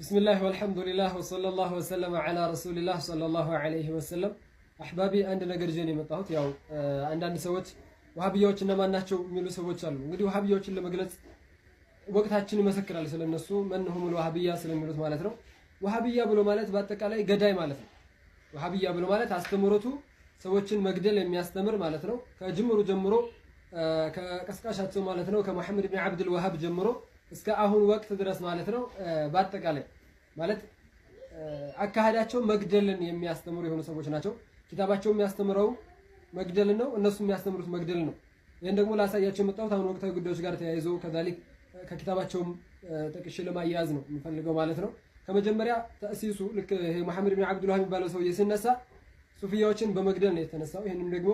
ቢስሚላህ ወልሐምዱሊላህ ወሰለላሁ ወሰለመ ዐላ ረሱሊላህ ሰለላሁ ዐለይሂ ወሰለም። አሕባቢ አንድ ነገር ይዤ ነው የመጣሁት። ያው አንዳንድ ሰዎች ውሃብያዎች እነማን ናቸው የሚሉ ሰዎች አሉ። እንግዲህ ዋህብያዎችን ለመግለጽ ወቅታችን ይመሰክራል ስለነሱ መንሁሙል ዋህብያ ስለሚሉት ማለት ነው። ውሃብያ ብሎ ማለት በአጠቃላይ ገዳይ ማለት ነው። ዋህብያ ብሎ ማለት አስተምሮቱ ሰዎችን መግደል የሚያስተምር ማለት ነው። ከጅምሩ ጀምሮ ከቀስቃሻቸው ማለት ነው ከሙሐመድ ብን አብድል ዋሃብ ጀምሮ እስከ አሁን ወቅት ድረስ ማለት ነው። በአጠቃላይ ማለት አካሄዳቸው መግደልን የሚያስተምሩ የሆኑ ሰዎች ናቸው። ኪታባቸው የሚያስተምረው መግደልን ነው፣ እነሱ የሚያስተምሩት መግደል ነው። ይህን ደግሞ ላሳያቸው የመጣሁት አሁን ወቅታዊ ጉዳዮች ጋር ተያይዞ ከዛሊክ ከኪታባቸውም ጠቅሼ ለማያያዝ ነው የምፈልገው ማለት ነው። ከመጀመሪያ ተእሲሱ ልክ ይሄ መሐመድ ብን አብዱላህ የሚባለው ሰውዬ ሲነሳ ሱፊያዎችን በመግደል ነው የተነሳው። ይህንም ደግሞ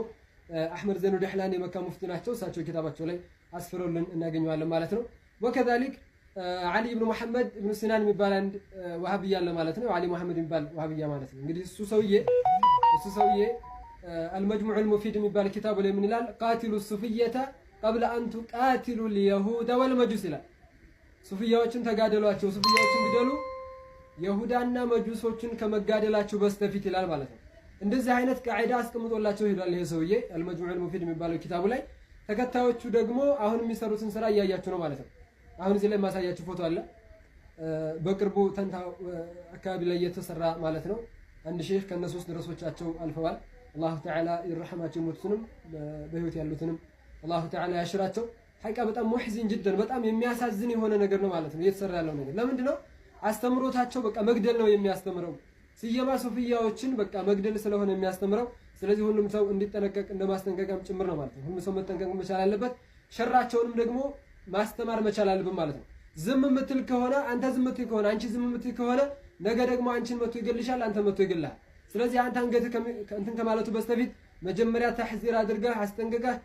አሕመድ ዘይኑ ደሕላን የመካ ሙፍቲ ናቸው። እሳቸው ኪታባቸው ላይ አስፍረውልን እናገኘዋለን ማለት ነው። ወከዛሊክ ዓሊ ብኑ መሐመድ ብኑ ሲናን የሚባል አንድ ዋሃብያ አለ ማለት ነው። አሊ መሐመድ የሚባል ዋሃብያ ማለት ነው። እንግዲህ እሱ ሰውዬ እሱ ሰውዬ አልመጅሙዕ አልሙፊድ የሚባል ኪታቡ ላይ ምን ይላል? ቃቲሉ ሱፍየተ ቀብለ አን ቱቃቲሉ ልየሁደ ወልመጁስ ይላል። ሱፍያዎችን ተጋደሏቸው፣ ሱፍያዎችን ግደሉ የሁዳና መጁሶችን ከመጋደላቸው በስተፊት ይላል ማለት ነው። እንደዚህ አይነት ቃዒዳ አስቀምጦላቸው ሄዷል ይሄ ሰውዬ አልመጅሙዕ አልሙፊድ የሚባለው ኪታቡ ላይ። ተከታዮቹ ደግሞ አሁን የሚሰሩትን ስራ እያያችሁ ነው ማለት ነው። አሁን እዚህ ላይ ማሳያችሁ ፎቶ አለ። በቅርቡ ተንታ አካባቢ ላይ የተሰራ ማለት ነው። አንድ ሼህ ከነ ሶስት ድረሶቻቸው አልፈዋል። አላሁ ተዓላ ይረሐማቸው። የሞቱትንም በህይወት ያሉትንም አላሁ ተዓላ ያሽራቸው። ሀቂቃ በጣም ሙሕዚን ጅደን በጣም የሚያሳዝን የሆነ ነገር ነው ማለት ነው እየተሰራ ያለው ነገር። ለምንድን ነው አስተምሮታቸው? በቃ መግደል ነው የሚያስተምረው። ስየማ ሱፍያዎችን በቃ መግደል ስለሆነ የሚያስተምረው። ስለዚህ ሁሉም ሰው እንዲጠነቀቅ እንደማስጠንቀቂያም ጭምር ነው ማለት ነው። ሁሉም ሰው መጠንቀቅ መቻል አለበት። ሸራቸውንም ደግሞ ማስተማር መቻል አለብን ማለት ነው። ዝም የምትል ከሆነ አንተ ዝም የምትል ከሆነ አንቺ ዝም የምትል ከሆነ ነገ ደግሞ አንቺን መቶ ይገልሻል፣ አንተ መቶ ይገልሃል። ስለዚህ አንተ አንገት እንትን ከማለቱ በስተፊት መጀመሪያ ታሕዚር አድርጋ አስጠንቅቀህ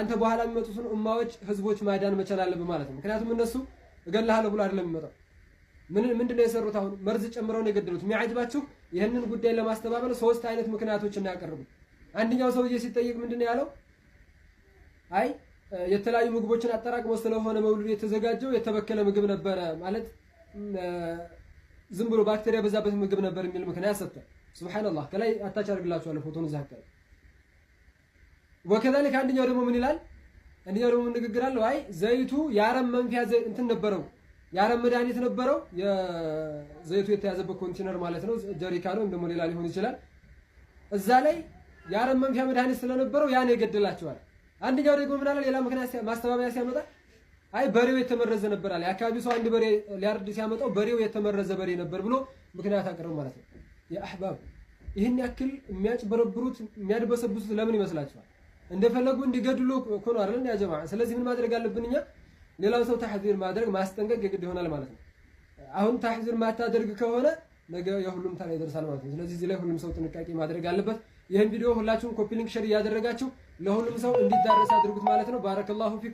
አንተ በኋላ የሚመጡትን እማዎች ህዝቦች ማዳን መቻል አለብን ማለት ነው። ምክንያቱም እነሱ እገልሃለሁ ብሎ አይደለም የሚመጣው። ምን ምንድን ነው የሰሩት? አሁን መርዝ ጨምረው ነው የገደሉት። የሚያጅባችሁ ይህንን ጉዳይ ለማስተባበል ሶስት አይነት ምክንያቶች እናያቀርቡ። አንደኛው ሰውዬ ሲጠይቅ ምንድን ነው ያለው? አይ የተለያዩ ምግቦችን አጠራቅመው ስለሆነ መውሉድ የተዘጋጀው የተበከለ ምግብ ነበረ ማለት ዝም ብሎ ባክቴሪያ በዛበት ምግብ ነበር የሚል ምክንያት ሰጠ። ሱብሃነላህ ከላይ አታች አድርግላችኋለሁ ፎቶን እዛ አካባቢ ወከዛሊክ አንደኛው ደግሞ ምን ይላል? አንደኛው ደግሞ ምን ንግግር አለው? አይ ዘይቱ የአረም መንፊያ እንትን ነበረው የአረም መድኃኒት ነበረው የዘይቱ የተያዘበት ኮንቲነር ማለት ነው ጀሪካ ነው ደግሞ ሌላ ሊሆን ይችላል። እዛ ላይ የአረም መንፊያ መድኃኒት ስለነበረው ያን ይገድላቸዋል። አንደኛው ደግሞ ምን አለ? ሌላ ምክንያት ማስተባበያ ሲያመጣ አይ በሬው የተመረዘ ነበር አለ። የአካባቢው ሰው አንድ በሬ ሊያርድ ሲያመጣው በሬው የተመረዘ በሬ ነበር ብሎ ምክንያት አቅርብ ማለት ነው። የአህባብ ይህን ያክል የሚያጭበረብሩት የሚያድበሰብሱት ለምን ይመስላችኋል? እንደፈለጉ እንዲገድሉ እኮ ነው አይደል? ያ ጀማዓ። ስለዚህ ምን ማድረግ አለብን እኛ? ሌላው ሰው ታሕዚር ማድረግ ማስጠንቀቅ የግድ ይሆናል ማለት ነው። አሁን ታሕዚር ማታደርግ ከሆነ ነገ የሁሉም ተራ ይደርሳል ማለት ነው። ስለዚህ እዚህ ላይ ሁሉም ሰው ጥንቃቄ ማድረግ አለበት። ይህን ቪዲዮ ሁላችሁም ኮፒ ሊንክ ሸር እያደረጋችሁ ለሁሉም ሰው እንዲዳረስ አድርጉት ማለት ነው። ባረከላሁ ፊኩም